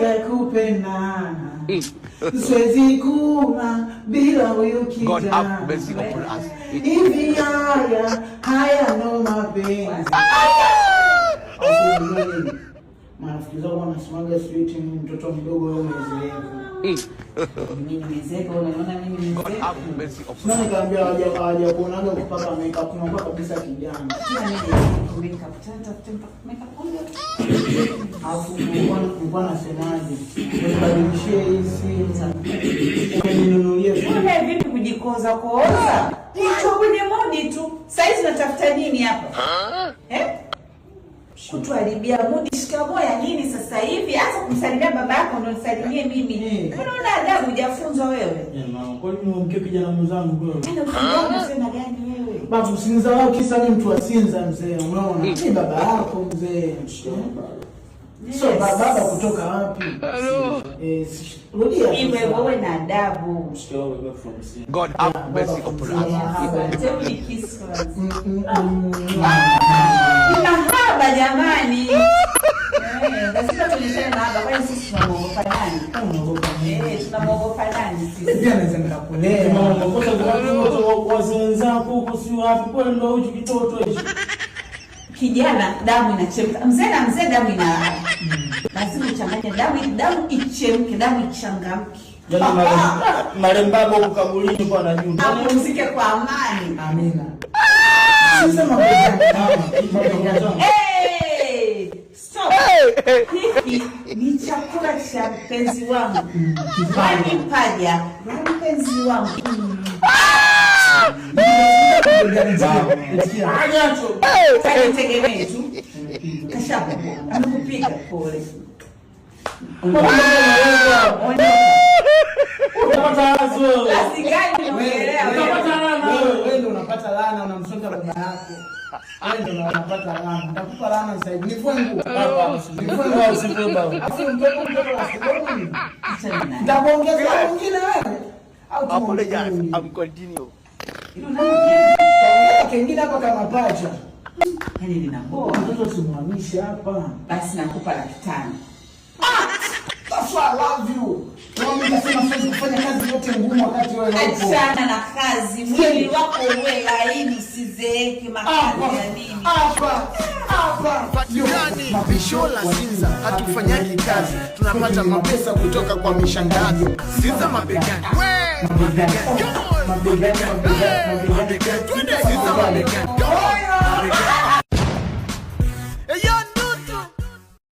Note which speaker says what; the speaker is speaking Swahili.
Speaker 1: Nataka kupenda kuma bila huyu
Speaker 2: kijana
Speaker 1: hivi haya haya no mapenzi siku kwa nasimanga sweet mtoto mdogo au mezeevu nikaambia hawajakuonaga kupaka makeup kwa kabisa kijana kwa na nasemaje nibadilishie hii simu umeninunulia
Speaker 3: vitu kujikoza kooza hicho kwenye modi tu hizi natafuta nini hapa eh kutuharibia mudi. Shikamoo ya nini sasa hivi? Hata kumsalimia baba yako ndo nisalimie mimi? Unaona eh. adabu hujafunzwa wewe?
Speaker 1: Eh, kwa kijana mwenzangu
Speaker 3: yaani wewe?
Speaker 1: Unasema gani kisa ni mtu sinza mzee, unaona? Ni hmm. baba yako mzee. Hmm? So baba kutoka wapi?
Speaker 3: Eh, rudia. Iwe wewe na adabu.
Speaker 2: God have mercy upon us.
Speaker 3: Lazima
Speaker 1: huko si wapi? Kwa ndio hicho kitoto hicho.
Speaker 3: Kijana damu inachemka. Mzee na mzee damu inalala. Lazima uchanganye damu, damu ichemke, damu ichangamke.
Speaker 1: Yaani marembabo huko kwa na
Speaker 3: Apumzike kwa amani. Amina. hiki ni chakula cha mpenzi wangu Rani Paja, mpenzi wangu
Speaker 1: ah!
Speaker 3: tegemee tu kasha amekupiga pole
Speaker 1: laana unamsonga baba yako. nakupa laki tano. Ah! kufanya kazi yote ngumu wakati wewe
Speaker 3: huko. Achana na kazi, mwili wako uwe laini, usizeeke. Makazi ya nini?
Speaker 1: Hapa la Sinza, hatufanyaji kazi, tunapata mapesa kutoka kwa mishangazo. Sinza mabegani, we mabegani, mabegani, mabegani, mabegani, twende Sinza mabegani